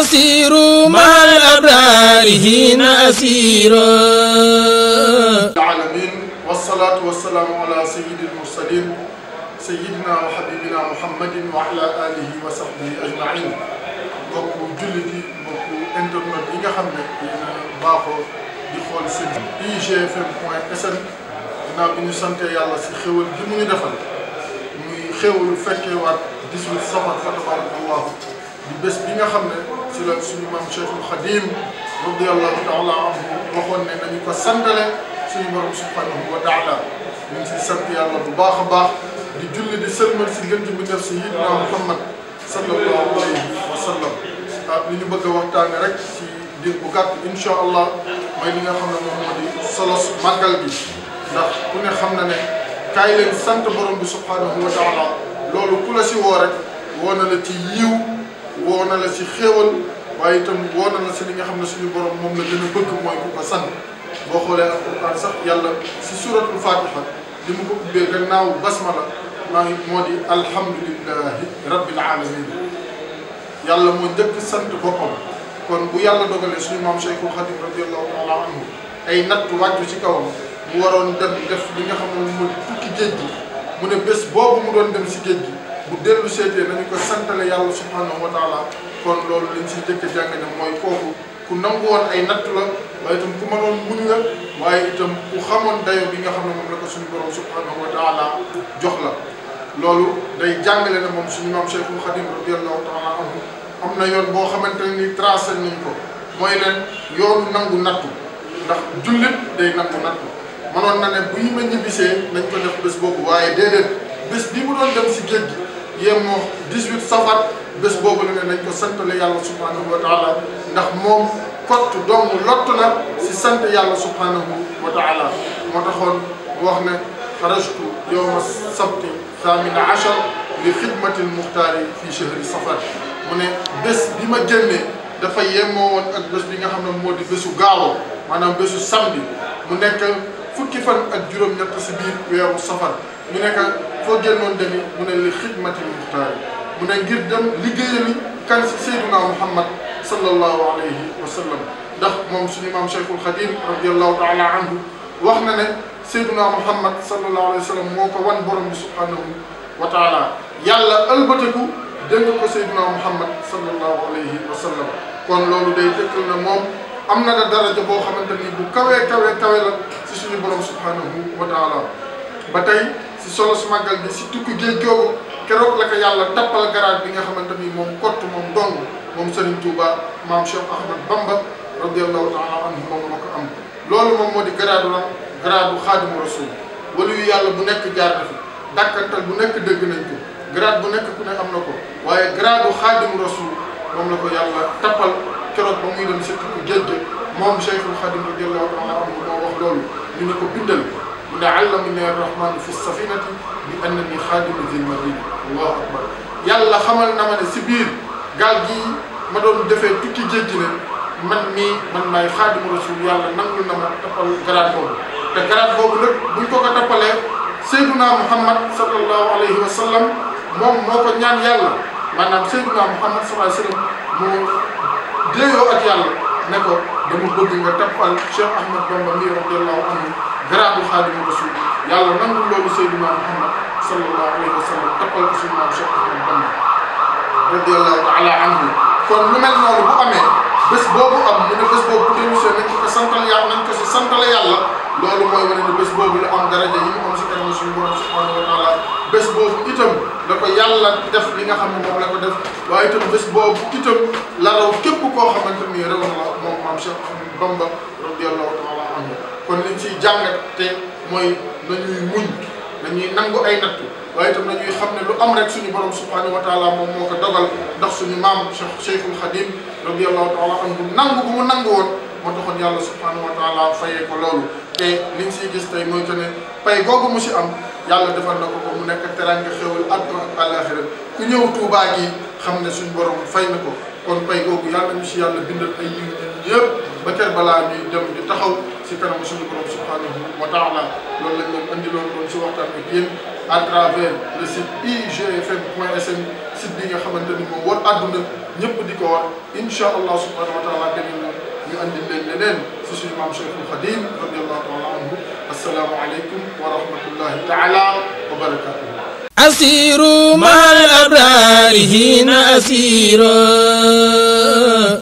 أسير مع الأبرار هنا أسير العالمين والصلاة والسلام على سيد المرسلين سيدنا وحبيبنا محمد وعلى آله وصحبه أجمعين بكو جلدي بكو انترنت إيجا خمد باقو بخول سيد IJFM.SN نا بني سنتي يالا سي خيول جمعي دفن مي خيول فكي وات 18 سفر فتبارك الله di bés bi nga xam ne si la suñu maam Cheikhul Khadim radiyallahu taala anhu waxoon ne nañu ko santale suñu borom subhanahu wa taala ñu ngi si sant yàlla bu baax a baax di julli di sëlmal si gën bi def si yidna Muhammad sallallahu alayhi wa sallam ah li ñu bëgg a waxtaane rek si diir bu gàtt incha allah mooy li nga xam ne moom moo di solos màggal bi ndax ku ne xam na ne kaay leen sant borom bi subhanahu wa taala loolu ku la si woo rek woo na la ci yiw woo na la ci xéewal waaye itam woo na la ci li nga xam ne suñu borom moom la gën a bëgg mooy ku ko sant boo xoolee alquran sax yàlla si suratul fatiha li mu ko ubbee gannaaw basmala maa ngi moo di alhamdulillahi rabbil alamin yàlla moo njëkk sant boppam kon bu yàlla dogalee suñu maam Cheikhul Khadim radiyallahu taala anhu ay natt wàccu ci kawam mu waroon dem def li nga xam ne mooy tukki géej gi mu ne bés boobu mu doon si géej gi bu dellu seetee nañu ko santale yàlla subhanahu wa taala kon loolu liñ si njëkk a jàng ne mooy kooku ku nangu woon ay natt la waaye itam ku mënoon muñ la waaye itam ku xamoon dayo bi nga xam ne moom la ko suñu borom subhanahu wa jox la loolu day jàngale ne moom suñu maam Cheikhul Khadim radiyallahu taala am na yoon boo xamante ni trase nañ ko mooy leen yoonu nangu nattu ndax jullit day nangu nattu mënoon na ne bu ñu ma ñibbisee nañ ko def bés boobu waaye déedéet bés bi mu doon dem si géej yem moo 18 safar bés boobu la ne nañ ko santale yàlla subhanahu wa taala ndax moom kott dong lottu na si sant yàlla subhanahu wa taala moo taxoon wax ne xarajtu yowma sabti thamina achar li xidmati lmuxtaari fi chahri safar mu ne bés bi ma génnee dafa yemmoo woon ak bés bi nga xam ne bésu gaawo maanaam bésu samedi mu nekk fukki fan ak juróom-ñett si biir weeru safar mu nekk فجنون دني من الخدمة المختار من غير دم لجيلي كان سيدنا محمد صلى الله عليه وسلم ده مام سليم مام شيخ الخديم رضي الله تعالى عنه وحنا سيدنا محمد صلى الله عليه وسلم موكا وان برم سبحانه وتعالى يلا البتكو دنكو سيدنا محمد صلى الله عليه وسلم كون لولو دي تكلنا مام amna da daraja bo xamanteni bu kawé kawé kawé la ci suñu borom subhanahu wa ta'ala batay si solo su màggal bi si tukki géej googu keroog la ko yàlla tappal garaat bi nga xamante ni moom kott moom dong moom Serigne Touba maam Cheikh Ahmad Bamba radiyallahu taala anhu moom la ko am loolu moom moo di garaadu la garaadu xaadimu wala yàlla bu nekk jaar na fi nekk dëgg nañ ko grade ne am na ko waaye grade bu xaadimu rasul moom la ko yàlla tappal keroog ba muy dem si tukki géej moom Cheikhul Xadim radiyallahu taala anhu moo wax loolu ñu ne ko bindal ودعل من الرحمن في السفينة بأنني خادم ذي المدينة الله أكبر يلا خمل نمان سبيل قال جي ما دون دفع توتي جيجينا من مي من ماي خادم رسول يلا نمو نمان تقل قرار فوق تقرار فوق لك بيكو كتقل سيدنا محمد صلى الله عليه وسلم مو موكو نيان يلا ما نام محمد صلى الله عليه وسلم مو ديو أكيال نكو dama bëgg a tappal Cheikh Ahmad Bamba mi radiyallahu anhu garabu xaadimu rasul yàlla nangul loolu Seydina Muhammad sallallahu alayhi wa sallam a ko suñu maam Cheikh Ahmad Bamba radiyallahu taala anhu kon lu mel noonu bu amee bés boobu am mu ne bés boobu démission nañ ko ko santal loolu mooy wane ne bés boobu la am daraja yi mu am si kanam suñu wa taala bés boobu itam ko yàlla def li nga xam ne la ko def waaye itam bés boobu la raw képp koo xamante ni raw Cheikh Ahmadou Bamba radiyallahu taala anhu kon liñ ciy jàngat te mooy nañuy muñ nañuy nangu ay nattu waaye itam nañuy xam ne lu am rek suñu borom subhanahu wa taala moom moo ko dogal ndax suñu maam Cheikh Cheikhul Khadim radiyallahu taala anhu nangu bu mu nangu woon moo taxoon yàlla subhanahu wa taala fayee ko loolu te liñ siy gis tey mooy que ne pay googu mu si am yàlla defal na ko ko mu nekk teraanga xewal àdduna ak àllaaxira ku ñëw Tuubaa gi xam ne suñu borom fay na ko kon pay gogu yàlla ñu ci yàlla bindal ay yiw yeb ba ter bala ñu dem di taxaw ci kanam suñu borom subhanahu wa taala loolu lañ leen andiloon doon si waxtaan ak yéen à travers le site igfm.sn site bi nga xamanteni mo moom aduna ñëpp di ko war incha allah subhanahu wa taala dañu ñu andi leen leneen ci suñu maam cheikh Khadim radiallahu taala anhu assalamu alaykum wa rahmatullahi taala wa barakatuh asiiru mahal abraari hiina asiiru